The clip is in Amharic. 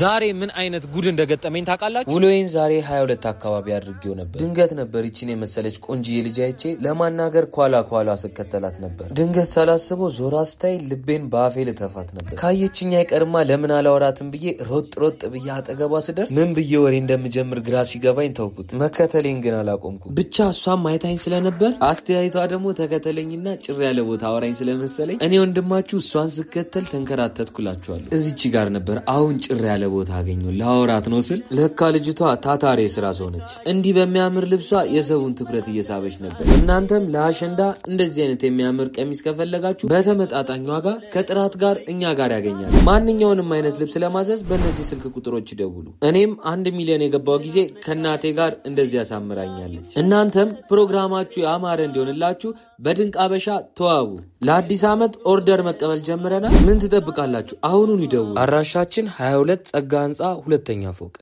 ዛሬ ምን አይነት ጉድ እንደገጠመኝ ታውቃላችሁ? ውሎዬን ዛሬ 22 አካባቢ አድርጌው ነበር። ድንገት ነበር ይችን የመሰለች ቆንጅዬ የልጅ አይቼ ለማናገር ኳላ ኳላ ስከተላት ነበር። ድንገት ሳላስበው ዞራ ስታይል ልቤን በአፌ ልተፋት ነበር። ካየችኝ አይቀርማ ለምን አላወራትም ብዬ ሮጥ ሮጥ ብዬ አጠገቧ ስደርስ ምን ብዬ ወሬ እንደምጀምር ግራ ሲገባኝ ተውኩት። መከተሌን ግን አላቆምኩ። ብቻ እሷም አይታኝ ስለነበር አስተያየቷ ደግሞ ተከተለኝና ጭር ያለ ቦታ አወራኝ ስለመሰለኝ እኔ ወንድማችሁ እሷን ስከተል ተንከራተትኩላችኋለሁ። እዚች ጋር ነበር አሁን ጭር ያለ ያለ ቦታ አገኙ ላወራት ነው ስል ለካ ልጅቷ ታታሪ ስራ ሰው ነች። እንዲህ በሚያምር ልብሷ የሰውን ትኩረት እየሳበች ነበር። እናንተም ለአሸንዳ እንደዚህ አይነት የሚያምር ቀሚስ ከፈለጋችሁ በተመጣጣኝ ዋጋ ከጥራት ጋር እኛ ጋር ያገኛል። ማንኛውንም አይነት ልብስ ለማዘዝ በእነዚህ ስልክ ቁጥሮች ይደውሉ። እኔም አንድ ሚሊዮን የገባው ጊዜ ከእናቴ ጋር እንደዚህ ያሳምራኛለች። እናንተም ፕሮግራማችሁ የአማረ እንዲሆንላችሁ በድንቅ አበሻ ተዋቡ። ለአዲስ ዓመት ኦርደር መቀበል ጀምረናል። ምን ትጠብቃላችሁ? አሁኑን ይደውሉ። አድራሻችን 22 ጸጋ ህንፃ ሁለተኛ ፎቅ